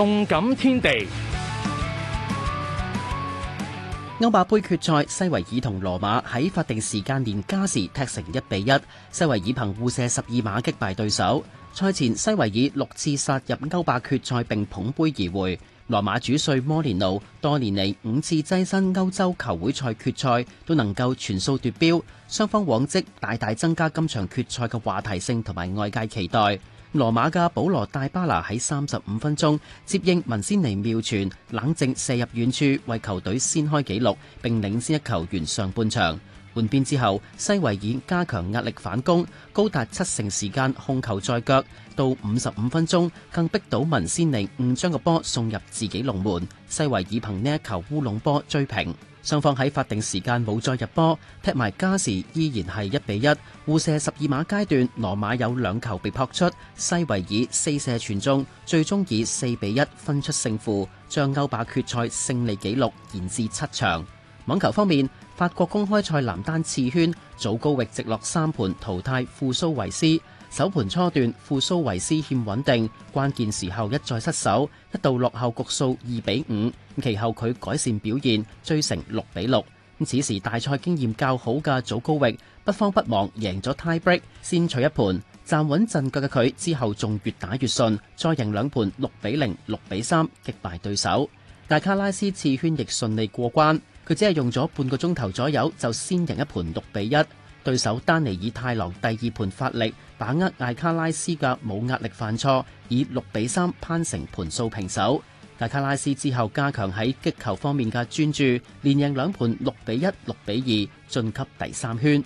動感天地。歐霸盃決賽，西維爾同羅馬喺法定時間連加時踢成一比一，西維爾憑互射十二碼擊敗對手。賽前，西維爾六次殺入歐霸決賽並捧盃而回，羅馬主帥摩連奴多年嚟五次躋身歐洲球會賽決賽都能夠全數奪標，雙方往績大大增加今場決賽嘅話題性同埋外界期待。羅馬嘅保羅大巴拿喺三十五分鐘接應文仙尼妙傳，冷靜射入遠處，為球隊先開紀錄，並領先一球完上半場。換邊之後，西維爾加強壓力反攻，高達七成時間控球在腳。到五十五分鐘，更逼到文先尼誤將個波送入自己龍門，西維爾憑呢一球烏龍波追平。雙方喺法定時間冇再入波，踢埋加時依然係一比一。互射十二碼階段，羅馬有兩球被撲出，西維爾四射全中，最終以四比一分出勝負，將歐霸決賽勝利紀錄延至七場。網球方面，法國公開賽男單次圈，祖高域直落三盤淘汰富蘇維斯。首盤初段，富蘇維斯欠穩定，關鍵時候一再失手，一度落後局數二比五。其後佢改善表現，追成六比六。此時大賽經驗較好嘅祖高域不慌不忙贏咗 tie break，先取一盤，站穩陣腳嘅佢之後仲越打越順，再贏兩盤六比零、六比三擊敗對手。大卡拉斯次圈亦順利過關。佢只係用咗半個鐘頭左右，就先贏一盤六比一。對手丹尼爾太郎第二盤發力，把握艾卡拉斯嘅冇壓力犯錯，以六比三攀成盤數平手。艾卡拉斯之後加強喺擊球方面嘅專注，連贏兩盤六比一、六比二，晉級第三圈。